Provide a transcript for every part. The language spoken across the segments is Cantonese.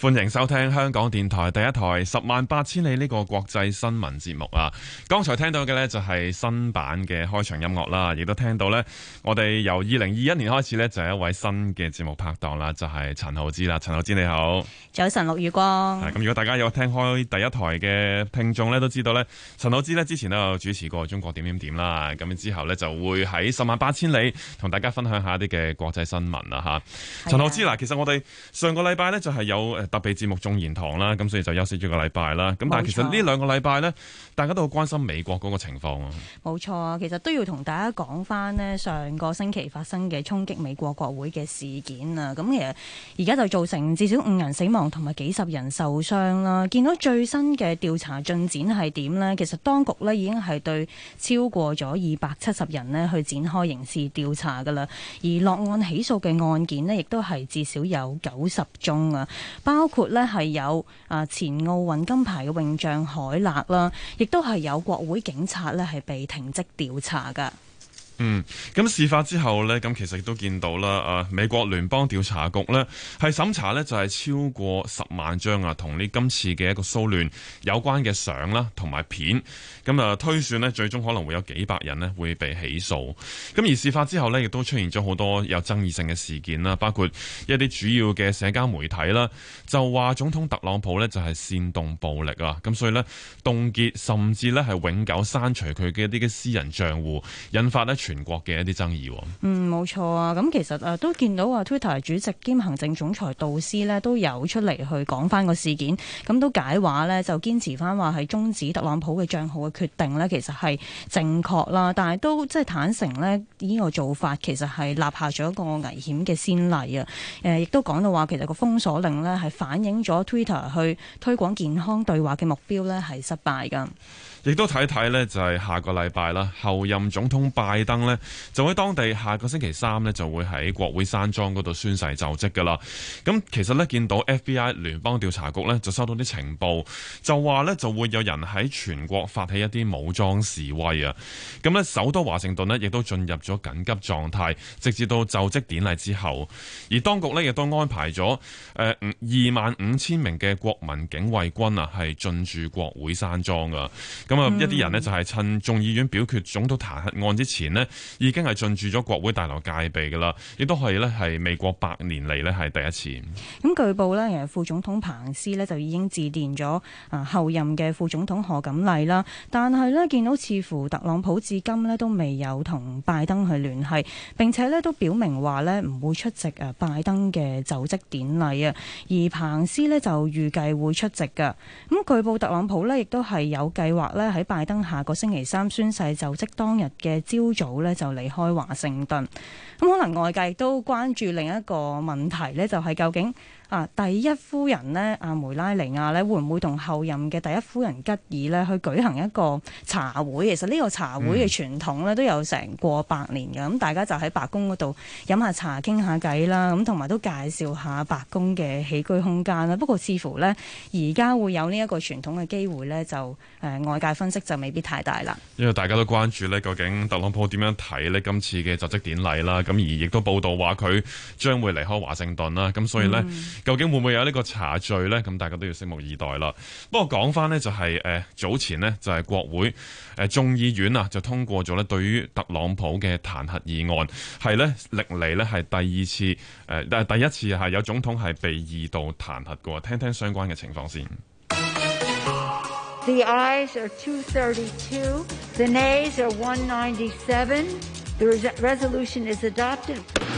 歡迎收聽香港電台第一台《十萬八千里》呢個國際新聞節目啊！剛才聽到嘅呢，就係新版嘅開場音樂啦，亦都聽到呢，我哋由二零二一年開始呢，就係一位新嘅節目拍檔啦，就係陳浩之啦。陳浩之你好早，早晨，落雨光。咁如果大家有聽開第一台嘅聽眾呢，都知道呢，陳浩之呢之前都有主持過《中國點點點》啦，咁之後呢，就會喺《十萬八千里》同大家分享一下啲嘅國際新聞啦吓。陳浩之嗱，其實我哋上個禮拜呢，就係有特別節目《中言堂》啦，咁所以就休息咗個禮拜啦。咁但係其實呢兩個禮拜呢，大家都好關心美國嗰個情況啊。冇錯啊，其實都要同大家講翻呢。上個星期發生嘅衝擊美國國會嘅事件啊。咁其實而家就造成至少五人死亡同埋幾十人受傷啦。見到最新嘅調查進展係點呢？其實當局呢已經係對超過咗二百七十人呢去展開刑事調查㗎啦。而落案起訴嘅案件呢，亦都係至少有九十宗啊。包包括呢係有啊前奧運金牌嘅泳將海勒啦，亦都係有國會警察呢係被停職調查噶。嗯，咁事發之後咧，咁其實亦都見到啦，誒、啊，美國聯邦調查局咧係審查咧就係、是、超過十萬張啊，同呢今次嘅一個騷亂有關嘅相啦，同埋片，咁啊推算咧最終可能會有幾百人咧會被起訴。咁而事發之後咧，亦都出現咗好多有爭議性嘅事件啦，包括一啲主要嘅社交媒體啦，就話總統特朗普咧就係、是、煽動暴力啊，咁所以咧凍結甚至咧係永久刪除佢嘅一啲嘅私人賬戶引發咧，全國嘅一啲爭議，哦，嗯，冇錯啊。咁其實誒都見到啊 Twitter 主席兼行政總裁道斯咧都有出嚟去講翻個事件，咁都解話咧就堅持翻話係終止特朗普嘅帳號嘅決定咧，其實係正確啦。但係都即係坦誠咧，呢個做法其實係立下咗一個危險嘅先例啊。誒，亦都講到話其實個封鎖令咧係反映咗 Twitter 去推廣健康對話嘅目標咧係失敗㗎。亦都睇睇呢，就係下個禮拜啦。候任總統拜登呢，就喺當地下個星期三呢，就會喺國會山莊嗰度宣誓就職噶啦。咁其實呢，見到 FBI 聯邦調查局呢，就收到啲情報，就話呢，就會有人喺全國發起一啲武裝示威啊。咁呢，首都華盛頓呢，亦都進入咗緊急狀態，直至到就職典禮之後。而當局呢，亦都安排咗誒二萬五千名嘅國民警衛軍啊，係進駐國會山莊噶。咁、嗯、啊，一啲人呢，就係趁眾議院表決總統彈劾案之前呢，已經係進駐咗國會大樓戒備噶啦，亦都係呢，係美國百年嚟呢，係第一次、嗯。咁據報呢，其實副總統彭斯呢，就已經致電咗啊後任嘅副總統賀錦麗啦，但係呢，見到似乎特朗普至今呢，都未有同拜登去聯繫，並且呢，都表明話呢，唔會出席啊拜登嘅就職典禮啊，而彭斯呢，就預計會出席噶。咁據報特朗普呢，亦都係有計劃。咧喺拜登下個星期三宣誓就職當日嘅朝早呢，就離開華盛頓，咁可能外界都關注另一個問題呢，就係、是、究竟。啊，第一夫人呢，阿梅拉尼亞呢會唔會同後任嘅第一夫人吉爾呢去舉行一個茶會？其實呢個茶會嘅傳統呢都有成過百年嘅，咁、嗯、大家就喺白宮嗰度飲下茶傾下偈啦，咁同埋都介紹下白宮嘅起居空間啦。不過似乎呢，而家會有呢一個傳統嘅機會呢，就、呃、外界分析就未必太大啦。因為大家都關注呢，究竟特朗普點樣睇呢？今次嘅就職典禮啦？咁而亦都報道話佢將會離開華盛頓啦，咁所以呢。嗯究竟會唔會有呢個查罪呢？咁大家都要拭目以待啦。不過講翻呢，就係誒早前呢，就係國會誒、呃、眾議院啊就通過咗呢對於特朗普嘅彈劾議案係，呢，歷嚟呢係第二次誒，但係第一次係有總統係被二度彈劾嘅。聽聽相關嘅情況先。The ayes are 232, the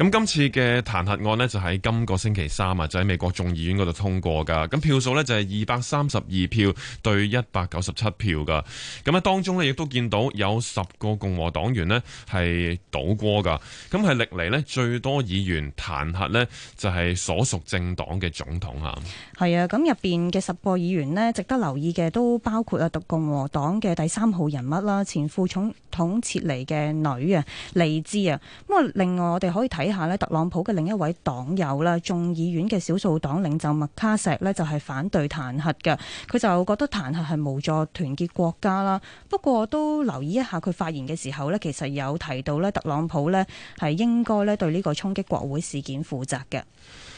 咁今次嘅彈劾案呢，就喺今個星期三啊，就喺美國眾議院嗰度通過噶。咁票數呢，就係二百三十二票對一百九十七票噶。咁啊，當中呢，亦都見到有十個共和黨員呢，係倒戈噶。咁係歷嚟呢，最多議員彈劾呢，就係所屬政黨嘅總統嚇。係啊，咁入邊嘅十個議員呢，值得留意嘅都包括啊，讀共和黨嘅第三號人物啦，前副總統切尼嘅女啊，莉茲啊。咁啊，另外我哋可以睇下呢特朗普嘅另一位黨友啦，眾議院嘅少數黨領袖麥卡錫呢，就係反對彈劾嘅。佢就覺得彈劾係無助團結國家啦。不過都留意一下佢發言嘅時候呢，其實有提到呢特朗普呢，係應該呢對呢個衝擊國會事件負責嘅。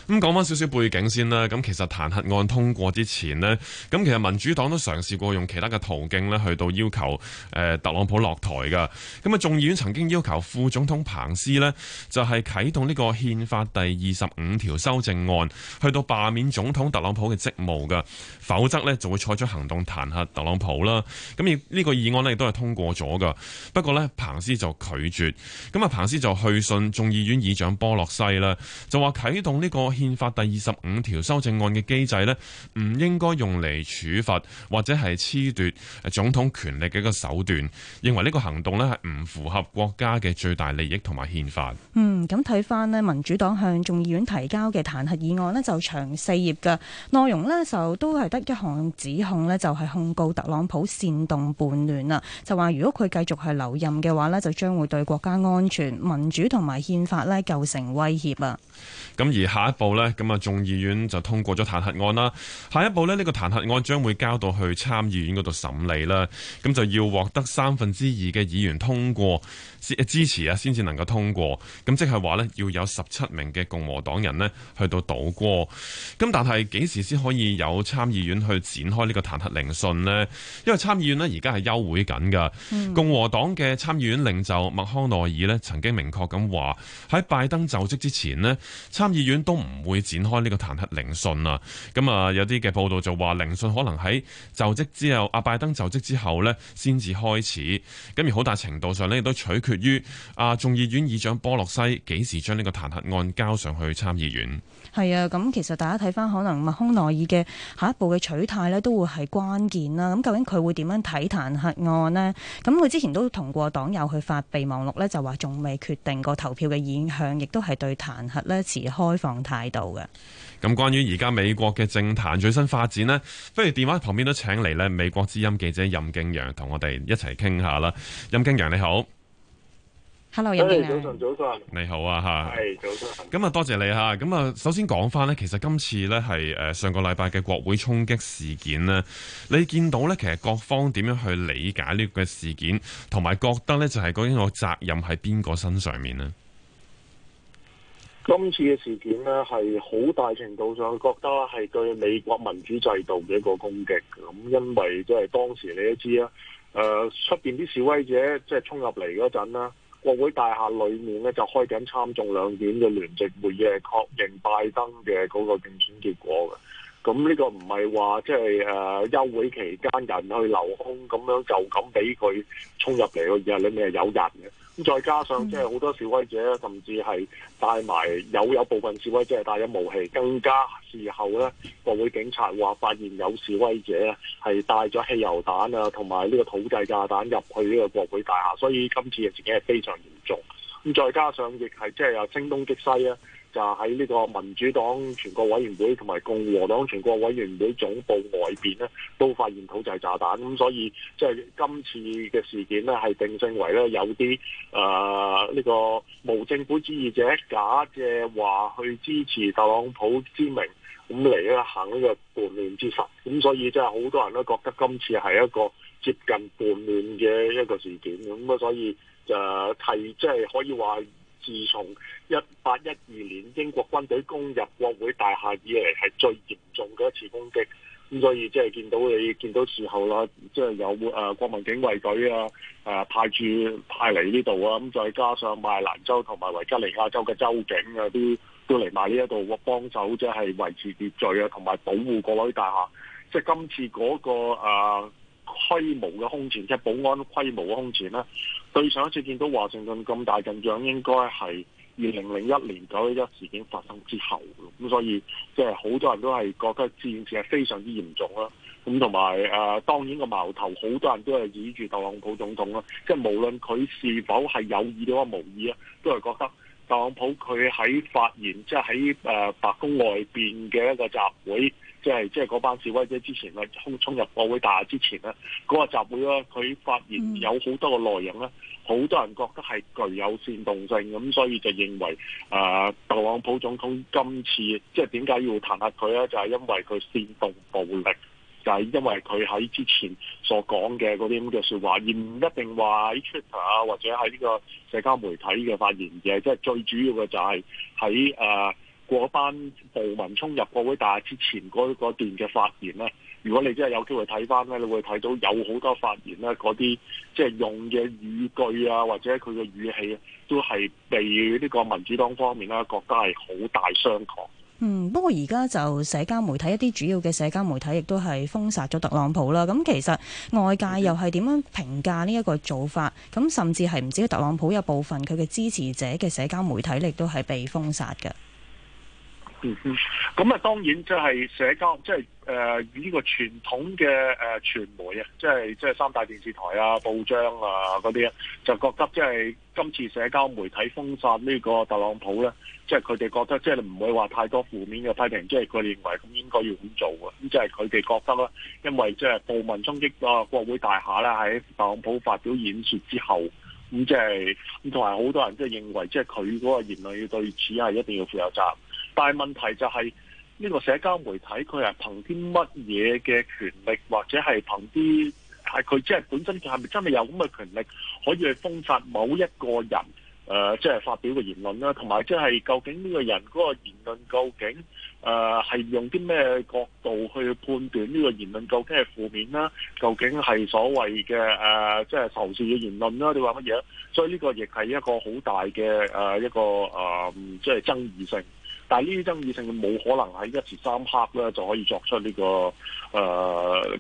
咁講翻少少背景先啦，咁其實彈劾案通過之前呢，咁其實民主黨都嘗試過用其他嘅途徑呢去到要求特朗普落台㗎。咁啊眾議院曾經要求副總統彭斯呢，就係啟動呢個憲法第二十五條修正案，去到罷免總統特朗普嘅職務㗎。否則呢，就會採取行動彈劾特朗普啦。咁而呢個議案呢，亦都係通過咗㗎。不過呢，彭斯就拒絕。咁啊彭斯就去信眾議院議長波洛西啦，就話啟動呢個憲法第二十五條修正案嘅機制呢，唔應該用嚟處罰或者係褫奪總統權力嘅一個手段，認為呢個行動呢係唔符合國家嘅最大利益同埋憲法。嗯，咁睇翻呢，民主黨向眾議院提交嘅彈劾議案呢，就長四頁嘅。內容呢，就都係得一項指控呢，就係、是、控告特朗普煽動叛亂啦。就話，如果佢繼續係留任嘅話呢，就將會對國家安全、民主同埋憲法呢構成威脅啊。咁而下一。部咧，咁啊，眾議院就通過咗彈劾案啦。下一步呢，呢個彈劾案將會交到去參議院嗰度審理啦。咁就要獲得三分之二嘅議員通過，支持啊，先至能夠通過。咁即係話呢，要有十七名嘅共和黨人呢去到倒戈。咁但係幾時先可以有參議院去展開呢個彈劾聆訊呢？因為參議院呢而家係休會緊㗎、嗯。共和黨嘅參議院領袖麥康奈爾呢曾經明確咁話，喺拜登就職之前呢，參議院都唔唔會展開呢個彈劾聆訊啊。咁啊，有啲嘅報道就話，聆訊可能喺就職之後，阿拜登就職之後呢先至開始。咁而好大程度上呢，亦都取決於阿、啊、眾議院議長波洛西幾時將呢個彈劾案交上去參議院。係啊，咁其實大家睇翻可能麥康奈爾嘅下一步嘅取態咧，都會係關鍵啦。咁究竟佢會點樣睇彈劾案呢？咁佢之前都同過黨友去發備忘錄呢，就話仲未決定過投票嘅意向，亦都係對彈劾呢持開放態度嘅。咁關於而家美國嘅政壇最新發展呢，不如電話旁邊都請嚟呢美國之音記者任敬揚，同我哋一齊傾下啦。任敬揚，你好。hello，早晨，早晨，你好啊，吓係早晨。咁啊，多謝你吓、啊。咁啊，首先講翻咧，其實今次咧係誒上個禮拜嘅國會衝擊事件咧，你見到咧，其實各方點樣去理解呢個事件，同埋覺得咧，就係究竟個責任喺邊個身上面咧？今次嘅事件呢，係好大程度上覺得係對美國民主制度嘅一個攻擊。咁因為即係當時你都知啊，誒出邊啲示威者即係衝入嚟嗰陣啦。國會大廈裏面咧就開緊參眾兩院嘅聯席會議，確認拜登嘅嗰個競選結果嘅。咁呢個唔係話即係誒休會期間人去樓空咁樣就咁俾佢衝入嚟，而係裏面係有人嘅。再加上即係好多示威者甚至係帶埋有有部分示威者係帶咗武器，更加事後咧，國會警察話發現有示威者咧係帶咗汽油彈啊，同埋呢個土製炸彈入去呢個國會大廈，所以今次嘅事件係非常嚴重。咁再加上亦係即係有聲東擊西啊！就喺、是、呢個民主黨全國委員會同埋共和黨全國委員會總部外邊咧，都發現土製炸彈。咁所以即係今次嘅事件咧，係定性為咧有啲誒呢個無政府主義者假借話去支持特朗普之名，咁嚟咧行呢個叛亂之實。咁所以即係好多人都覺得今次係一個接近叛亂嘅一個事件。咁啊，所以就係即係可以話。自從一八一二年英國軍隊攻入國會大廈以嚟，係最嚴重嘅一次攻擊。咁所以即係見到你見到時候啦，即、就、係、是、有誒國民警衛隊啊，誒派駐派嚟呢度啊，咁、啊、再加上馬蘭州同埋維吉尼亞州嘅州警啊，都都嚟埋呢一度幫手，即係維持秩序啊，同埋保護國會大廈。即、就、係、是、今次嗰、那個、啊規模嘅空前，即係保安規模嘅空前啦。對上一次見到華盛頓咁大陣仗，應該係二零零一年九一一事件發生之後，咁所以即係好多人都係覺得戰事係非常之嚴重啦。咁同埋誒，當然個矛頭好多人都係指住特朗普總統啦。即係無論佢是否係有意定或者無意啊，都係覺得特朗普佢喺發言，即係喺誒白宮外邊嘅一個集會。即係即係嗰班示威者之前咧衝衝入國會大廈之前咧，嗰個集會咧，佢發言有好多個內容咧，好多人覺得係具有煽動性，咁所以就認為啊，特朗普總統今次即係點解要彈劾佢咧？就係因為佢煽動暴力，就係因為佢喺之前所講嘅嗰啲咁嘅説話，而唔一定話喺 Twitter 啊，或者喺呢個社交媒體嘅發言，而係即係最主要嘅就係喺誒。呃過班暴民衝入國會，但係之前嗰段嘅發言呢，如果你真係有機會睇翻呢，你會睇到有好多發言咧，嗰啲即係用嘅語句啊，或者佢嘅語氣啊，都係被呢個民主黨方面啦，國家係好大傷害。嗯，不過而家就社交媒體一啲主要嘅社交媒體，亦都係封殺咗特朗普啦。咁其實外界又係點樣評價呢一個做法？咁甚至係唔知道特朗普有部分佢嘅支持者嘅社交媒體，亦都係被封殺嘅。嗯哼，咁啊，當然即係社交，即係誒呢個傳統嘅誒、呃、傳媒啊，即係即係三大電視台啊、報章啊嗰啲啊，就覺得即係今次社交媒體封殺呢個特朗普咧，即係佢哋覺得即係唔會話太多負面嘅批評，即係佢哋認為咁應該要咁做啊，咁即係佢哋覺得啦，因為即係暴民衝擊個國會大廈咧，喺特朗普發表演説之後，咁即係，咁同埋好多人即係認為，即係佢嗰個言論要對此係一定要負有責。但係問題就係、是、呢、這個社交媒體，佢係憑啲乜嘢嘅權力，或者係憑啲係佢即係本身佢係咪真係有咁嘅權力可以去封殺某一個人？即、呃、係、就是、發表個言論啦，同埋即係究竟呢個人嗰個言論究竟誒係、呃、用啲咩角度去判斷呢個言論究竟係負面啦？究竟係所謂嘅誒即係仇視嘅言論啦？你話乜嘢？所以呢個亦係一個好大嘅誒、呃、一個即係、呃就是、爭議性。但係呢啲爭議性冇可能喺一時三刻咧就可以作出呢個誒，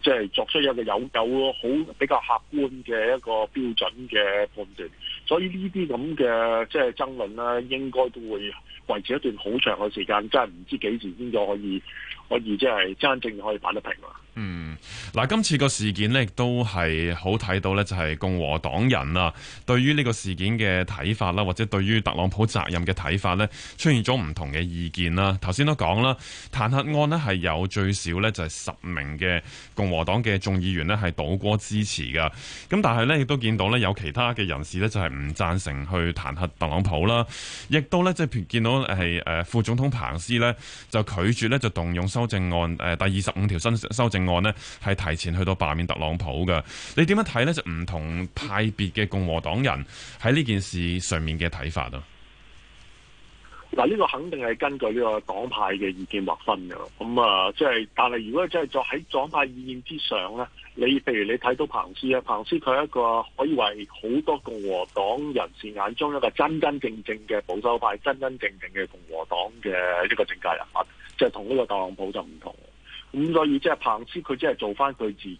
即係作出一個有有好比較客觀嘅一個標準嘅判斷，所以呢啲咁嘅即係爭論咧，應該都會維持一段好長嘅時間，真係唔知幾時先至可以可以即係真正可以擺得平啊！嗯，嗱，今次個事件咧，亦都係好睇到咧，就係、是、共和黨人啊，對於呢個事件嘅睇法啦，或者對於特朗普責任嘅睇法咧，出現咗唔同嘅意見啦。頭先都講啦，彈劾案咧係有最少咧就係、是、十名嘅共和黨嘅眾議員咧係倒戈支持噶，咁但係咧亦都見到咧有其他嘅人士咧就係、是、唔贊成去彈劾特朗普啦，亦都咧即係見到係誒、呃、副總統彭斯咧就拒絕咧就動用修正案誒、呃、第二十五條新修正。案呢係提前去到罷免特朗普噶，你點樣睇呢？就唔同派別嘅共和黨人喺呢件事上面嘅睇法咯、啊。嗱，呢個肯定係根據呢個黨派嘅意見劃分噶咁啊，即係，但係如果真係在喺黨派意見之上呢，你譬如你睇到彭斯啊，彭斯佢係一個可以為好多共和黨人士眼中一個真真正正嘅保守派、真真正正嘅共和黨嘅一個政界人物，就同、係、呢個特朗普就唔同。咁所以即係彭斯，佢只係做翻佢自己，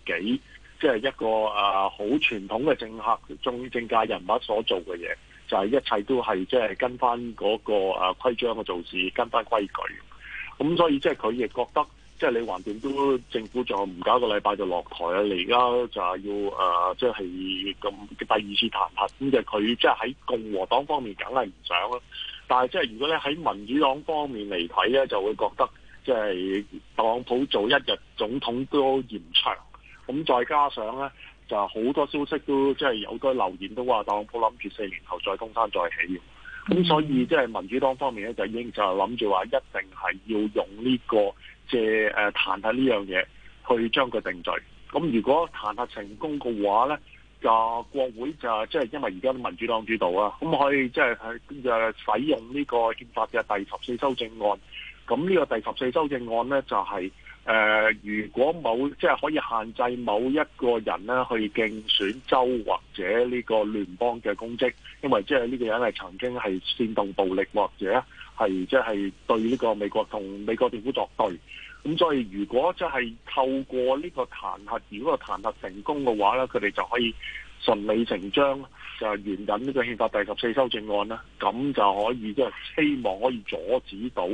即係一個啊好傳統嘅政客、中政界人物所做嘅嘢，就係、是、一切都係即係跟翻嗰個啊規章嘅做事，跟翻規矩。咁所以即係佢亦覺得，即係你橫掂都政府仲唔搞一個禮拜就落台啊！你而家就係要啊，即係咁第二次彈劾。咁就佢即係喺共和黨方面梗係唔想啦。但係即係如果你喺民主黨方面嚟睇咧，就會覺得。即、就、係、是、特朗普做一日總統都嫌長，咁再加上咧就好多消息都即係、就是、有啲留言都話特朗普諗住四年後再東山再起，咁所以即係民主黨方面咧就已經就諗住話一定係要用呢、這個即係誒彈劾呢樣嘢去將佢定罪。咁如果彈劾成功嘅話咧，就國會就即係、就是、因為而家民主黨主導啊，咁可以即係去使用呢個憲法嘅第十四修正案。咁呢個第十四修正案呢，就係、是、誒、呃、如果某即係、就是、可以限制某一個人呢去競選州或者呢個聯邦嘅公職，因為即係呢個人係曾經係煽動暴力或者係即係對呢個美國同美國政府作對，咁所以如果即係透過呢個彈劾，如果彈劾成功嘅話，呢佢哋就可以順理成章就援引呢個憲法第十四修正案啦，咁就可以即係、就是、希望可以阻止到。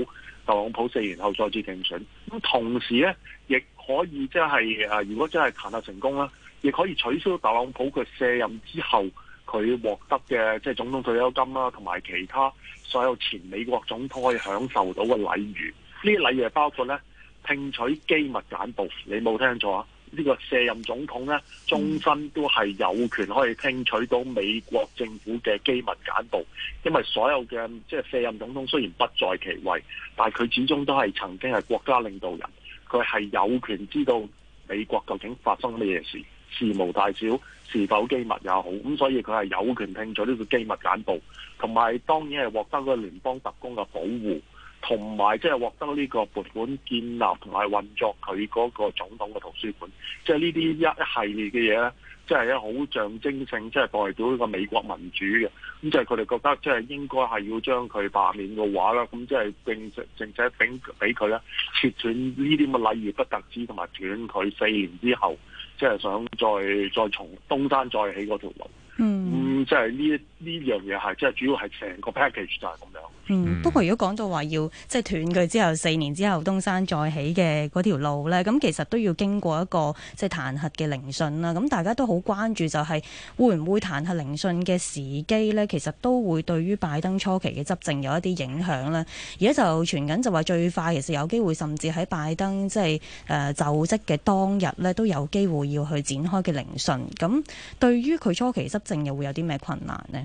特朗普四年後再次競選，咁同時咧，亦可以即係誒，如果真係彈劾成功啦，亦可以取消特朗普佢卸任之後佢獲得嘅即係總統退休金啦，同、啊、埋其他所有前美國總統可以享受到嘅禮遇。呢啲禮遇包括咧，聽取機密簡報，你冇聽錯啊！呢個卸任總統呢，終身都係有權可以聽取到美國政府嘅機密簡報，因為所有嘅即係卸任總統雖然不在其位，但係佢始終都係曾經係國家領導人，佢係有權知道美國究竟發生乜嘢事，事無大小，是否機密也好，咁所以佢係有權聽取呢個機密簡報，同埋當然係獲得個聯邦特工嘅保護。同埋即係獲得呢個撥款建立同埋運作佢嗰個總統嘅圖書館，即係呢啲一一系列嘅嘢咧，即係好象徵性，即係代表呢個美國民主嘅。咁即係佢哋覺得即係應該係要將佢罷免嘅話啦，咁即係並並且並俾佢咧切斷呢啲咁嘅禮遇不特止，同埋斷佢四年之後，即係想再再從東山再起嗰條路。嗯。咁即係呢呢樣嘢係，即係主要係成個 package 就係咁樣。嗯，不過如果講到話要即係斷佢之後四年之後東山再起嘅嗰條路呢，咁其實都要經過一個即係彈劾嘅聆訊啦。咁大家都好關注就係會唔會彈劾聆訊嘅時機呢？其實都會對於拜登初期嘅執政有一啲影響呢。而家就傳緊就話最快其實有機會甚至喺拜登即係誒就職嘅當日呢，都有機會要去展開嘅聆訊。咁對於佢初期執政又會有啲咩困難咧？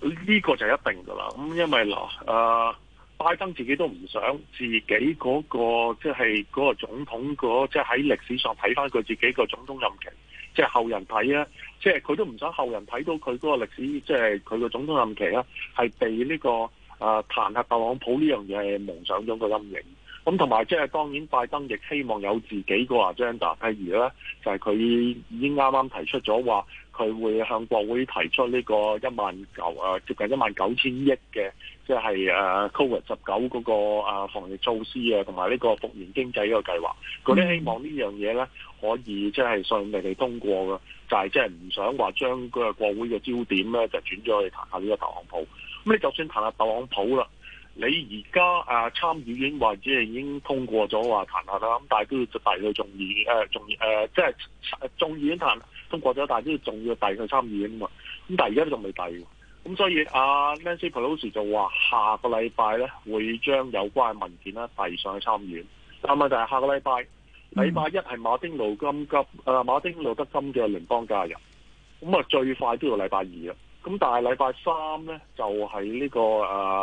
呢個就一定噶啦，咁因為啦，誒、呃，拜登自己都唔想自己嗰個即係嗰個總統即係喺歷史上睇翻佢自己個總統任期，即係後人睇啊，即係佢都唔想後人睇到佢嗰個歷史，即係佢個總統任期啦，係被呢個誒彈劾特朗普呢樣嘢蒙上咗個陰影。咁同埋即係當然拜登亦希望有自己個 agenda 譬如咧就係佢已經啱啱提出咗話。佢會向國會提出呢個一萬九啊，接近一萬九千億嘅，即係誒 Covid 十九嗰個啊、uh, 防疫措施啊，同埋呢個復原經濟呢個計劃。佢、嗯、都希望樣呢樣嘢咧，可以即係順利地通過嘅，就係即係唔想話將個國會嘅焦點咧，就轉咗去彈劾呢個特朗普。咁你就算彈劾特朗普啦，你而家啊參議院或者係已經通過咗話彈劾啦，咁但係都要就大概仲議誒仲誒即係眾議院彈劾。啊中國咗大都要仲要遞去參議院啊嘛，咁但係而家都仲未遞，咁所以阿 Nancy Pelosi 就話下個禮拜咧會將有關文件咧遞上去參議院，啱唔啱？就係下個禮拜，禮拜一係馬丁路金急，誒馬丁路德金嘅聯邦假日，咁啊最快都要禮拜二啊，咁但係禮拜三咧就係呢個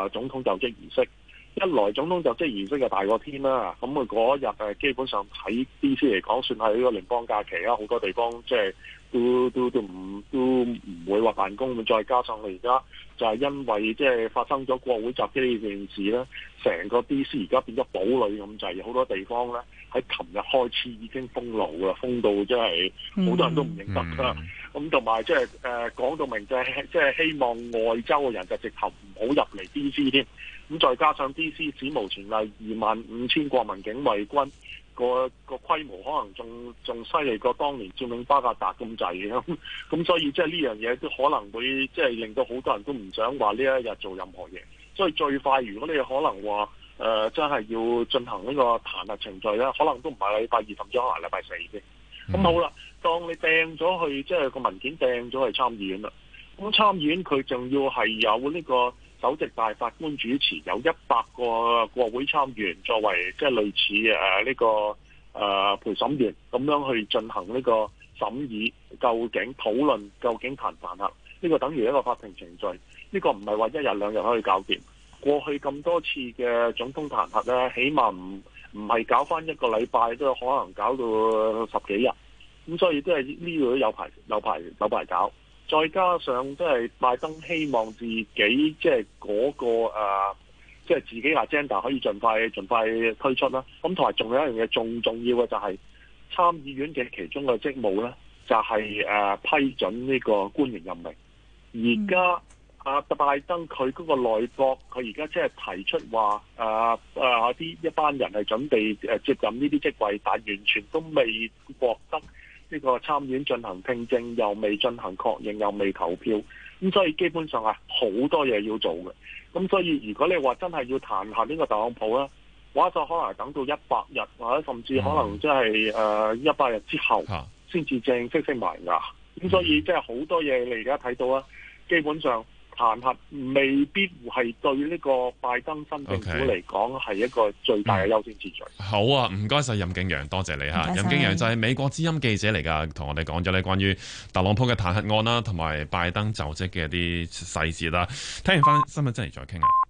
誒總統就職儀式，一來總統就職儀式就大過天啦，咁啊嗰日誒基本上喺 DC 嚟講算係呢個聯邦假期啦，好多地方即係。都都都唔都唔會話辦公，再加上我而家就係因為即係發生咗國會襲擊呢件事咧，成個 DC 而家變咗堡壘咁滯，有好多地方咧喺琴日開始已經封路啦，封到即係好多人都唔認得啦。咁同埋即係誒講到明就係即係希望外州嘅人就直頭唔好入嚟 DC 添。咁再加上 DC 史無前例二萬五千國民警衛軍。個、那個規模可能仲仲犀利過當年佔領巴格達咁滯嘅。咁，咁 所以即係呢樣嘢都可能會即係令到好多人都唔想話呢一日做任何嘢，所以最快如果你可能話誒、呃、真係要進行呢個彈劾程序咧，可能都唔係禮拜二甚至可能禮拜四啫。咁、嗯、好啦，當你掟咗去即係、就是、個文件掟咗去參議院啦，咁參議院佢仲要係有呢、這個。首席大法官主持，有一百個國會參議員作為即係類似誒呢個誒陪審員咁樣去進行呢個審議，究竟討論，究竟彈唔彈劾，呢個等於一個法庭程序，呢個唔係話一日兩日可以搞掂。過去咁多次嘅總統彈劾咧，起碼唔唔係搞返一個禮拜，都有可能搞到十幾日。咁所以這都係呢個有排有排有排搞。再加上都係拜登希望自己即係嗰個誒，即係自己阿 j a n n e 可以盡快盡快推出啦。咁同埋仲有一樣嘢，仲重要嘅就係參議院嘅其中嘅職務咧，就係誒批准呢個官員任命。而家阿拜登佢嗰個內閣，佢而家即係提出話誒誒啲一班人係準備誒接任呢啲職位，但完全都未獲得。呢個參院進行聽證，又未進行確認，又未投票，咁所以基本上係好多嘢要做嘅。咁所以如果你話真係要彈劾呢個特朗普呢，話就可能等到一百日，或者甚至可能即係誒一百日之後先至正式升埋牙。咁所以即係好多嘢，你而家睇到啊，基本上。彈劾未必係對呢個拜登新政府嚟講係一個最大嘅優先秩序，okay. 嗯。好啊，唔該晒任敬揚，多謝你啊。任敬揚就係美國之音記者嚟噶，同我哋講咗呢，關於特朗普嘅彈劾案啦，同埋拜登就職嘅啲細節啦。聽完翻新聞真係再傾啊。